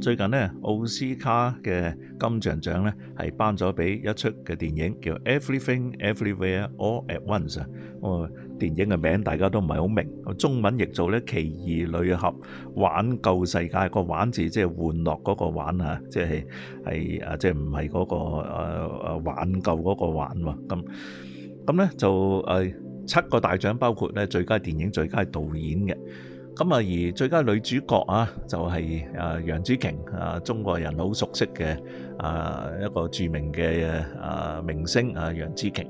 最近咧，奧斯卡嘅金像獎咧，係頒咗俾一出嘅電影，叫《Everything Everywhere All At Once》啊。哦，電影嘅名大家都唔係好明，中文譯做咧奇異女俠玩救世界。個玩字即係玩樂嗰個玩啊，即係係啊，即係唔係嗰個誒誒挽救嗰個挽喎。咁咁咧就誒七個大獎，包括咧最佳電影、最佳導演嘅。咁啊，而最佳女主角啊，就係啊楊紫瓊啊，中國人好熟悉嘅啊一個著名嘅啊明星啊楊紫瓊。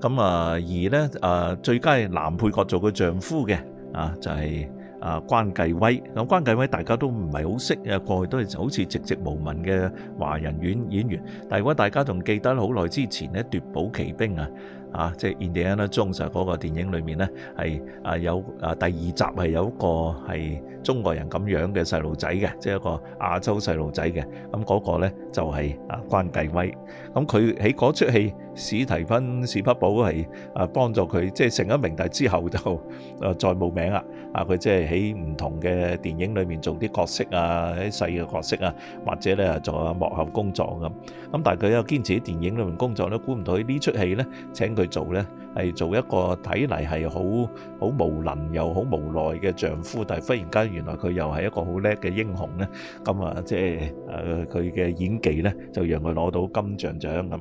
咁啊，而咧啊最佳男配角做佢丈夫嘅啊就係啊關繼威。咁關繼威大家都唔係好識啊，過去都係好似籍籍無聞嘅華人演演員，但係如果大家仲記得好耐之前咧奪寶奇兵啊。啊，即係 Indiana Jones 嗰個電影裏面咧，係啊有啊第二集係有個係中國人咁樣嘅細路仔嘅，即係一個亞洲細路仔嘅。咁嗰個咧就係啊關繼威。咁佢喺嗰出戲，史提芬史匹堡係啊幫助佢，即係成咗名，但係之後就啊再冇名啦。啊，佢即係喺唔同嘅電影裏面做啲角色啊，啲細嘅角色啊，或者咧做下幕後工作咁。咁但係佢又堅持喺電影裏面工作咧，估唔到呢出戲咧請佢。去做呢，係做一個睇嚟係好好無能又好無奈嘅丈夫，但係忽然間原來佢又係一個好叻嘅英雄呢，咁啊，即係誒佢嘅演技呢就讓佢攞到金像獎咁。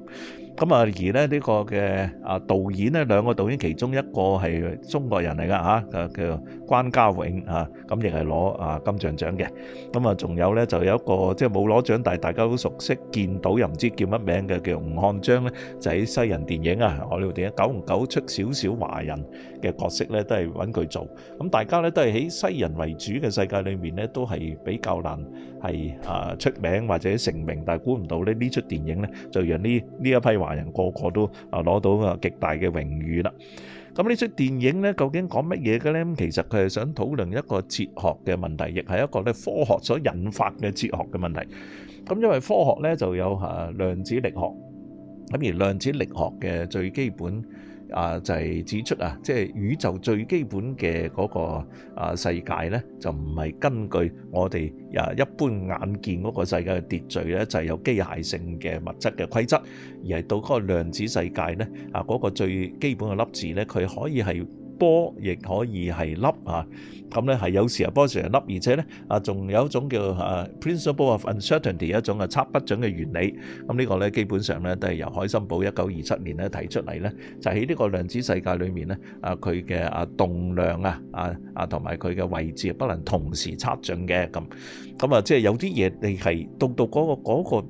咁啊，而咧呢個嘅啊導演咧，兩個導演其中一個係中國人嚟噶嚇，誒叫關家永啊，咁亦係攞啊金像獎嘅。咁啊，仲有咧就有一個即係冇攞獎，但係大家都熟悉，見到又唔知叫乜名嘅叫吳漢章咧，就喺西人電影啊，我哋電影久唔久出少少華人嘅角色咧，都係揾佢做。咁大家咧都係喺西人為主嘅世界裏面咧，都係比較難係啊出名或者成名，但係估唔到咧呢出電影咧就讓呢呢一批華人個個都啊攞到啊極大嘅榮譽啦！咁呢齣電影咧，究竟講乜嘢嘅咧？其實佢係想討論一個哲學嘅問題，亦係一個咧科學所引發嘅哲學嘅問題。咁因為科學咧就有吓量子力學。咁而量子力學嘅最基本啊，就係指出啊，即係宇宙最基本嘅嗰個啊世界咧，就唔係根據我哋啊一般眼見嗰個世界嘅秩序咧，就係有機械性嘅物質嘅規則，而係到嗰個量子世界咧，啊嗰個最基本嘅粒子咧，佢可以係。波亦可以係粒啊，咁咧係有時候波，成日粒，而且咧啊仲有一種叫啊 Principle of Uncertainty 一種啊測不準嘅原理。咁呢個咧基本上咧都係由海森堡一九二七年咧提出嚟咧，就喺、是、呢個量子世界裏面咧啊佢嘅啊動量啊啊啊同埋佢嘅位置不能同時測準嘅咁咁啊，即係有啲嘢你係讀到嗰個嗰個。那個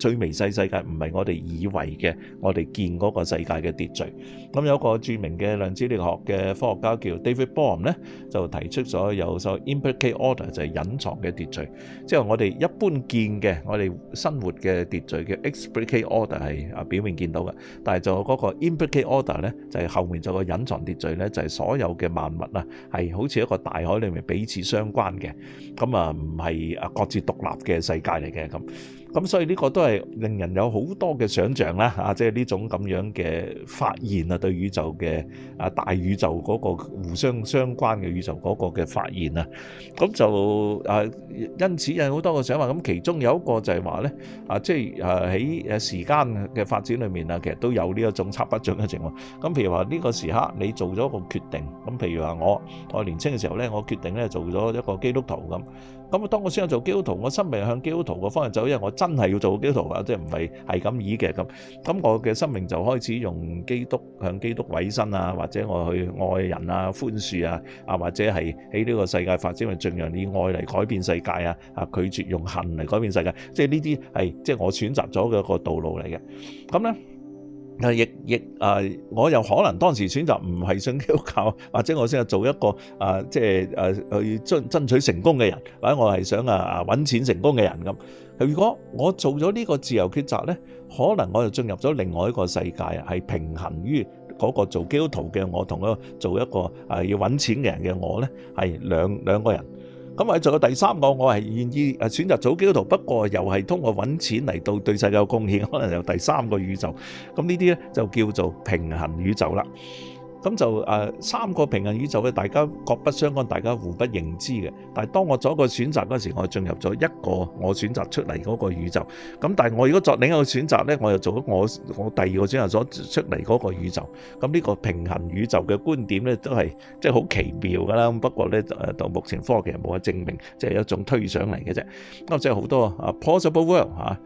最微細世界唔係我哋以為嘅，我哋見嗰個世界嘅秩序。咁有個著名嘅量子力學嘅科學家叫 David Bohm 咧，就提出咗有個 implicate order 就係隱藏嘅秩序。即係我哋一般見嘅，我哋生活嘅秩序叫 explicate order 係啊表面見到嘅，但係就嗰個 implicate order 咧就係後面就個隱藏秩序咧就係所有嘅萬物啊係好似一個大海裡面彼此相關嘅，咁啊唔係啊各自獨立嘅世界嚟嘅咁。咁所以呢個都係令人有好多嘅想像啦，啊，即係呢種咁樣嘅發現啊，對宇宙嘅啊大宇宙嗰個互相相關嘅宇宙嗰個嘅發現啊，咁就啊因此有好多個想法，咁其中有一個就係話咧，啊，即係啊喺時間嘅發展裏面啊，其實都有呢一種測不準嘅情況。咁譬如話呢個時刻你做咗個決定，咁譬如話我我年輕嘅時候咧，我決定咧做咗一個基督徒咁。咁啊，當我先有做基督徒，我生命向基督徒嘅方向走，因為我真係要做基督徒啊，即係唔係係咁意嘅咁。咁我嘅生命就開始用基督向基督委身啊，或者我去愛人啊、寬恕啊，啊或者係喺呢個世界發展，用盡量以愛嚟改變世界啊，啊拒絕用恨嚟改變世界。即係呢啲係即係我選擇咗嘅一個道路嚟嘅。咁咧。但係亦亦啊！我又可能當時選擇唔係信基督教，或者我先係做一個啊，即係啊，去爭爭取成功嘅人，或者我係想啊啊揾錢成功嘅人咁。如果我做咗呢個自由抉擇咧，可能我就進入咗另外一個世界啊，係平衡於嗰個做基督徒嘅我，同嗰個做一個啊要揾錢嘅人嘅我咧，係兩兩個人。咁啊，仲有第三個，我係願意啊選擇做基督徒，不過又係通過揾錢嚟到對世界有貢獻，可能有第三個宇宙。咁呢啲咧就叫做平行宇宙啦。咁就誒三個平行宇宙咧，大家各不相干，大家互不認知嘅。但係當我做一個選擇嗰時，我進入咗一個我選擇出嚟嗰個宇宙。咁但係我如果作另一個選擇咧，我又做咗我我第二個選擇所出嚟嗰個宇宙。咁呢個平行宇宙嘅觀點咧，都係即係好奇妙㗎啦。不過咧，誒到目前科學其實冇得證明，即係一種推想嚟嘅啫。咁即係好多啊，possible world 嚇。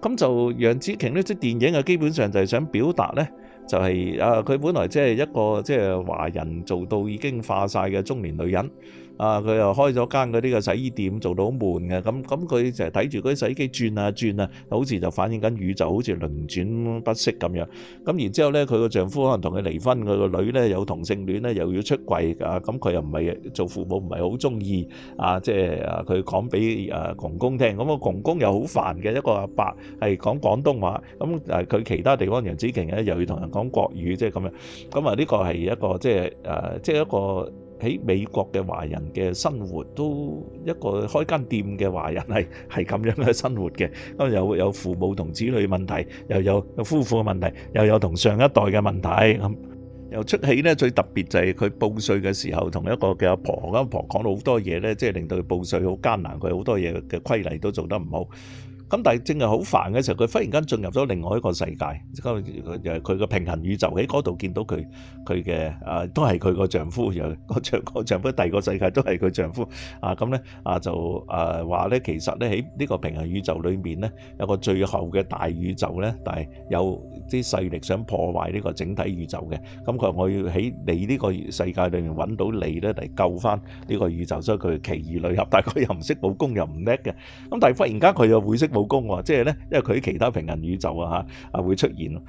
咁就楊紫瓊咧，即係電影啊，基本上就係想表達咧。就係、是、誒，佢、呃、本來即係一個即係、就是、華人，做到已經化晒嘅中年女人。啊！佢又開咗間嗰啲嘅洗衣店，做到好悶嘅。咁咁佢就係睇住嗰啲洗衣機轉啊轉啊，好似就反映緊宇宙好似輪轉不息咁樣。咁、嗯、然之後咧，佢個丈夫可能同佢離婚，佢個女咧有同性戀咧，又要出軌啊。咁佢又唔係做父母唔係好中意啊。即係佢講俾誒窮公聽，咁、就是那個窮公又好煩嘅。一個阿伯係講廣東話，咁誒佢其他地方楊紫瓊咧又要同人講國語，即係咁樣。咁啊呢個係一個即係誒，即係一個。呃呃呃喺美國嘅華人嘅生活都一個開間店嘅華人係係咁樣嘅生活嘅，咁有有父母同子女問題，又有夫婦嘅問題，又有同上一代嘅問題咁。又出戲咧，最特別就係佢報稅嘅時候，同一個嘅阿婆，阿婆講到好多嘢咧，即係令到佢報稅好艱難，佢好多嘢嘅規例都做得唔好。咁但係正係好煩嘅時候，佢忽然間進入咗另外一個世界，即係佢佢個平行宇宙喺嗰度見到佢佢嘅啊，都係佢個丈夫，又個丈個丈夫第二個世界都係佢丈夫啊。咁咧啊就啊話咧，其實咧喺呢個平行宇宙裏面咧，有個最後嘅大宇宙咧，但係有啲勢力想破壞呢個整體宇宙嘅。咁佢話我要喺你呢個世界裏面揾到你咧嚟救翻呢個宇宙，所以佢奇異女俠，但係佢又唔識武功又唔叻嘅。咁但係忽然間佢又會識。老公啊即係咧，因為佢啲其他平行宇宙啊，吓啊會出現咯。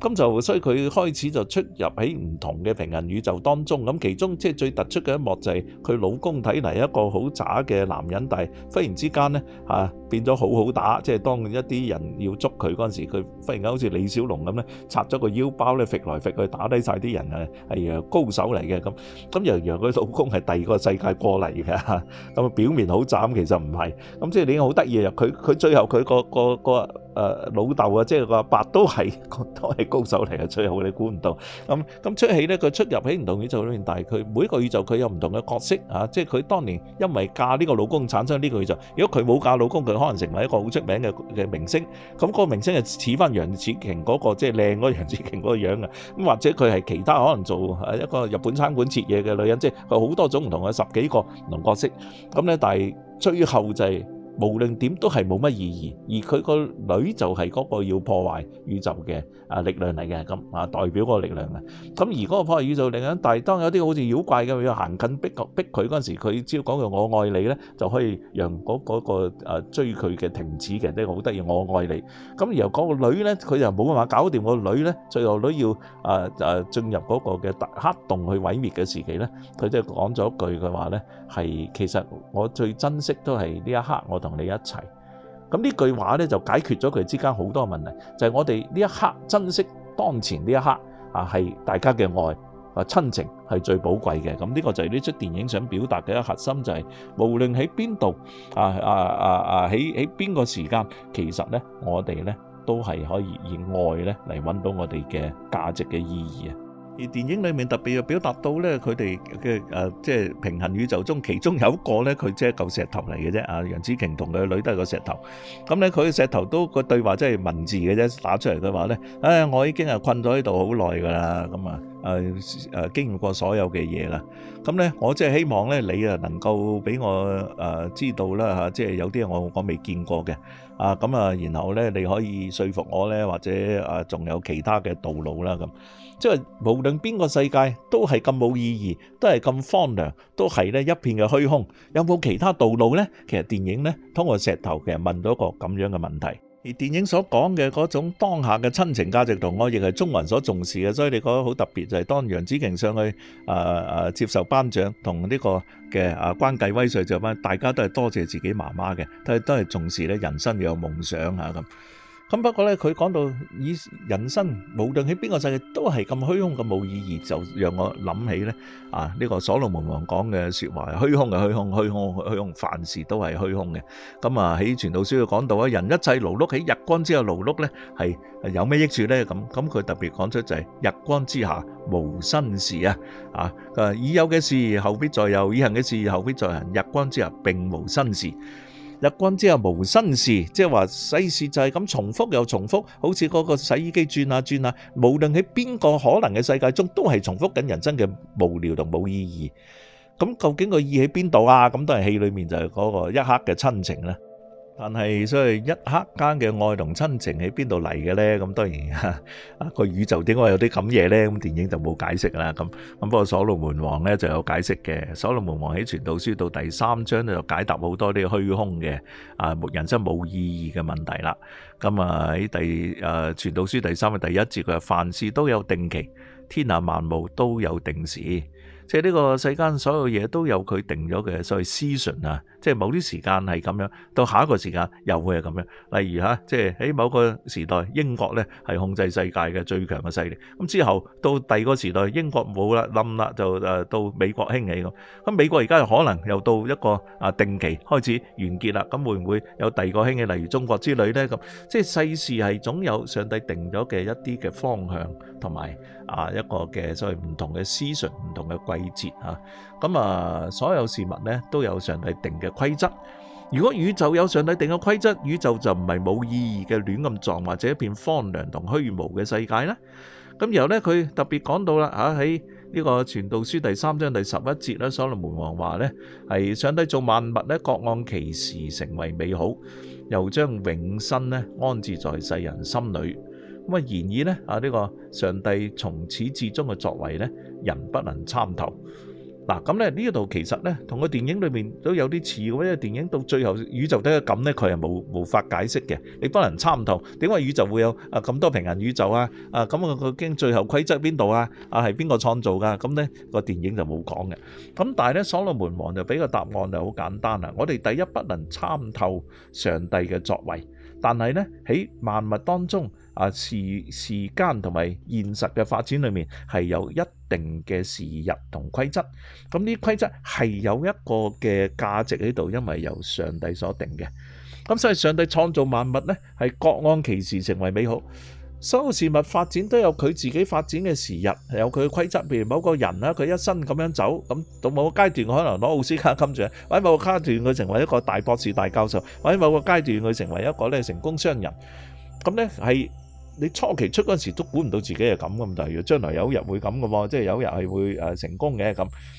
咁就所以佢開始就出入喺唔同嘅平行宇宙當中，咁其中即係最突出嘅一幕就係佢老公睇嚟一個好渣嘅男人，但係忽然之間呢吓變咗好好打，即係當一啲人要捉佢嗰陣時，佢忽然間好似李小龍咁呢，插咗個腰包呢，揈嚟揈去打低曬啲人啊，係啊高手嚟嘅咁。咁由於佢老公係第二個世界過嚟嘅，咁表面好慘，其實唔係。咁即係你好得意啊！佢佢最後佢個個個。誒老豆啊，即係個阿伯都係一個都係高手嚟嘅，最好你估唔到。咁咁出戲咧，佢出入喺唔同宇宙裏邊，但係佢每一個宇宙佢有唔同嘅角色嚇。即係佢當年因為嫁呢個老公產生呢個宇宙。如果佢冇嫁老公，佢可能成為一個好出名嘅嘅明星。咁嗰個明星係似翻楊紫瓊嗰個，即係靚嗰個楊紫瓊嗰個樣啊。咁或者佢係其他可能做一個日本餐館切嘢嘅女人，即係佢好多種唔同嘅十幾個唔同角色。咁咧，但係最後就係。無論點都係冇乜意義，而佢個女就係嗰個要破壞宇宙嘅啊力量嚟嘅，咁啊代表嗰個力量嘅。咁而嗰個破壞宇宙力量，但係當有啲好似妖怪咁要行近逼逼佢嗰陣時，佢只要講句我愛你咧，就可以讓嗰嗰個啊追佢嘅停止嘅，即係好得意。我愛你。咁然後嗰個女咧，佢就冇辦法搞掂個女咧，最後女要啊啊進入嗰個嘅黑洞去毀滅嘅時期咧，佢就講咗一句嘅話咧，係其實我最珍惜都係呢一刻我同，同你一齊，咁呢句話咧就解決咗佢之間好多問題，就係我哋呢一刻珍惜當前呢一刻啊，係大家嘅愛啊親情係最寶貴嘅，咁呢個就係呢出電影想表達嘅一核心，就係無論喺邊度啊啊啊啊，喺喺邊個時間，其實咧我哋咧都係可以以愛咧嚟搵到我哋嘅價值嘅意義啊。而電影裏面特別又表達到呢，佢哋嘅誒，即、呃、係、就是、平行宇宙中，其中有一個呢，佢即係一嚿石頭嚟嘅啫。啊，楊紫瓊同佢女都係個石頭，咁咧佢石頭都個對話即係文字嘅啫，打出嚟嘅話咧，唉、哎，我已經係困咗喺度好耐㗎喇，咁、嗯、啊。誒誒，經歷過所有嘅嘢啦，咁咧我即係希望咧，你啊能夠俾我誒知道啦吓，即係有啲我我未見過嘅，啊咁啊，然後咧你可以說服我咧，或者啊仲有其他嘅道路啦咁，即係無論邊個世界都係咁冇意義，都係咁荒涼，都係咧一片嘅虛空，有冇其他道路咧？其實電影咧通過石頭其實問到一個咁樣嘅問題。而電影所講嘅嗰種當下嘅親情價值同我亦係中文所重視嘅，所以你覺得好特別就係當楊紫瓊上去啊啊接受頒獎，同呢個嘅啊關繼威上去頒獎，大家都係多謝自己媽媽嘅，都都係重視咧人生要有夢想啊咁。咁不過咧，佢講到以人生，無論喺邊個世界都係咁虛空咁冇意義，就讓我諗起咧啊，呢個所羅門王講嘅説話，虛空嘅虛空，虛空虛空，凡事都係虛空嘅。咁啊，喺《傳道書》講到啊，人一切勞碌喺日光之下勞碌咧，係啊有咩益處咧？咁咁佢特別講出就係日光之下無新事啊！啊，誒已有嘅事後必再有，已行嘅事後必再行，日光之下並無新事。日君之後無新事，即係話世事就係咁重複又重複，好似嗰個洗衣機轉下轉下，無論喺邊個可能嘅世界中，都係重複緊人生嘅無聊同冇意義。咁、嗯、究竟個意義喺邊度啊？咁、嗯、都係戲裏面就係嗰個一刻嘅親情啦。但係，所以一刻間嘅愛同親情喺邊度嚟嘅咧？咁當然啊，個宇宙點解有啲咁嘢咧？咁電影就冇解釋啦。咁咁不過《所羅門王》咧就有解釋嘅，《所羅門王》喺《傳道書》到第三章就解答好多啲虛空嘅啊，人生冇意義嘅問題啦。咁啊喺第誒《傳道書》第三嘅第一節，佢話，凡事都有定期，天下萬物都有定時，即係呢個世間所有嘢都有佢定咗嘅，所謂 season 啊。即係某啲時間係咁樣，到下一個時間又會係咁樣。例如嚇，即係喺某個時代，英國咧係控制世界嘅最強嘅勢力。咁之後到第二個時代，英國冇啦冧啦，就誒到美國興起咁。咁美國而家又可能又到一個啊定期開始完結啦。咁會唔會有第二個興起，例如中國之類咧？咁即係世事係總有上帝定咗嘅一啲嘅方向同埋啊一個嘅所謂唔同嘅思想、唔同嘅季節啊。咁啊，所有事物咧都有上帝定嘅。規則，如果宇宙有上帝定嘅規則，宇宙就唔係冇意義嘅亂咁撞，或者一片荒涼同虛無嘅世界咧。咁然後咧，佢特別講到啦，吓，喺呢個傳道書第三章第十一節咧，所羅門王話咧，係上帝做萬物咧，各按其時成為美好，又將永生咧安置在世人心裏。咁啊，然而咧啊呢個上帝從始至終嘅作為咧，人不能參透。嗱，咁咧呢度其實咧，同個電影裏面都有啲似嘅，因為電影到最後宇宙嘅感咧，佢係無無法解釋嘅，你不能參透點解宇宙會有啊咁多平行宇宙啊，啊咁啊究竟最後規則邊度啊，啊係邊個創造噶？咁咧個電影就冇講嘅。咁但係咧，所羅門王就俾個答案就好簡單啦。我哋第一不能參透上帝嘅作為。但係咧，喺萬物當中啊，時時間同埋現實嘅發展裏面係有一定嘅時日同規則，咁呢啲規則係有一個嘅價值喺度，因為由上帝所定嘅。咁、嗯、所以上帝創造萬物咧係各按其時成為美好。所有事物發展都有佢自己發展嘅時日，有佢嘅規則。譬如某個人啦，佢一生咁樣走，咁到某個階段，我可能攞奧斯卡冚住，或者某個階段佢成為一個大博士、大教授，或者某個階段佢成為一個咧成功商人。咁咧係你初期出嗰陣時都估唔到自己係咁嘅，咁例如將來有一日會咁嘅喎，即係有一日係會誒成功嘅咁。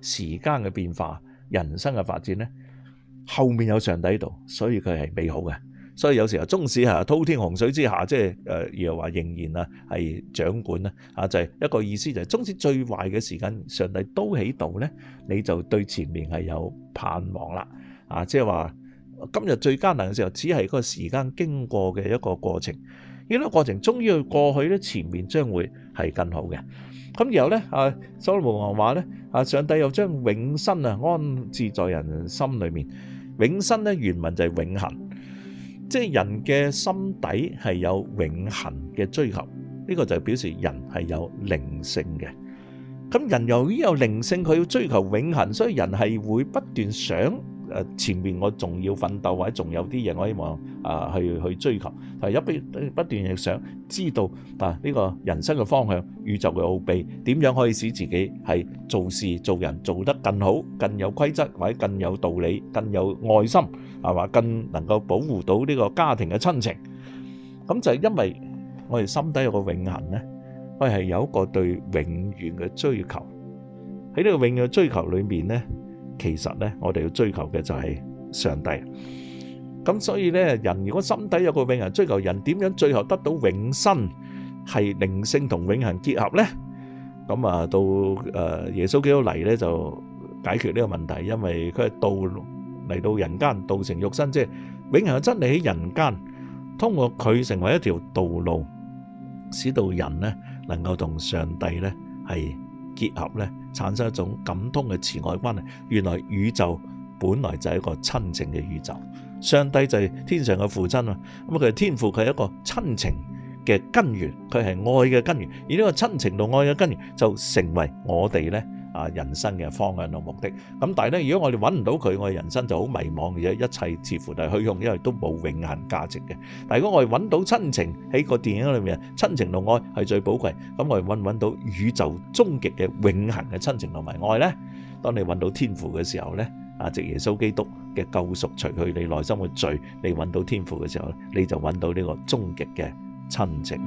時間嘅變化，人生嘅發展咧，後面有上帝喺度，所以佢係美好嘅。所以有時候縱使係，滔天洪水之下，即係誒又話仍然啊係掌管咧，啊就係、是、一個意思就係縱使最壞嘅時間，上帝都喺度咧，你就對前面係有盼望啦。啊，即係話今日最艱難嘅時候，只係個時間經過嘅一個過程，呢個過程終於去過去咧，前面將會係更好嘅。咁然後咧，啊，所羅門王話咧，啊，上帝又將永生啊安置在人心裏面。永生咧，原文就係永恆，即係人嘅心底係有永恆嘅追求。呢個就係表示人係有靈性嘅。咁人由於有靈性，佢要追求永恆，所以人係會不斷想。誒前面我仲要奮鬥，或者仲有啲嘢我希望啊去去追求，但係一不不斷亦想知道啊呢個人生嘅方向、宇宙嘅奧秘，點樣可以使自己係做事做人做得更好、更有規則，或者更有道理、更有愛心，係嘛？更能夠保護到呢個家庭嘅親情。咁就係因為我哋心底有個永恆咧，我係有一個對永遠嘅追求。喺呢個永遠嘅追求裏面咧。其實咧，我哋要追求嘅就係上帝。咁所以咧，人如果心底有個永恆追求，人點樣最後得到永生，係靈性同永恆結合咧？咁啊，到誒耶穌基督嚟咧就解決呢個問題，因為佢係道嚟到人間，道成肉身，即係永恆嘅真理喺人間，通過佢成為一條道路，使到人咧能夠同上帝咧係。結合咧，產生一種感通嘅慈愛關係。原來宇宙本來就係一個親情嘅宇宙，上帝就係天上嘅父親嘛。咁啊，佢係天父，佢係一個親情嘅根源，佢係愛嘅根源。而呢個親情同愛嘅根源，就成為我哋咧。啊！人生嘅方向同目的，咁但係咧，如果我哋揾唔到佢，我哋人生就好迷茫，而且，一切似乎都係虛空，因為都冇永恆價值嘅。但係如果我哋揾到親情，喺個電影裏面啊，親情同愛係最寶貴。咁我哋揾唔揾到宇宙終極嘅永恆嘅親情同埋愛咧？當你揾到天父嘅時候咧，啊，藉耶穌基督嘅救贖，除去你內心嘅罪，你揾到天父嘅時候咧，你就揾到呢個終極嘅親情。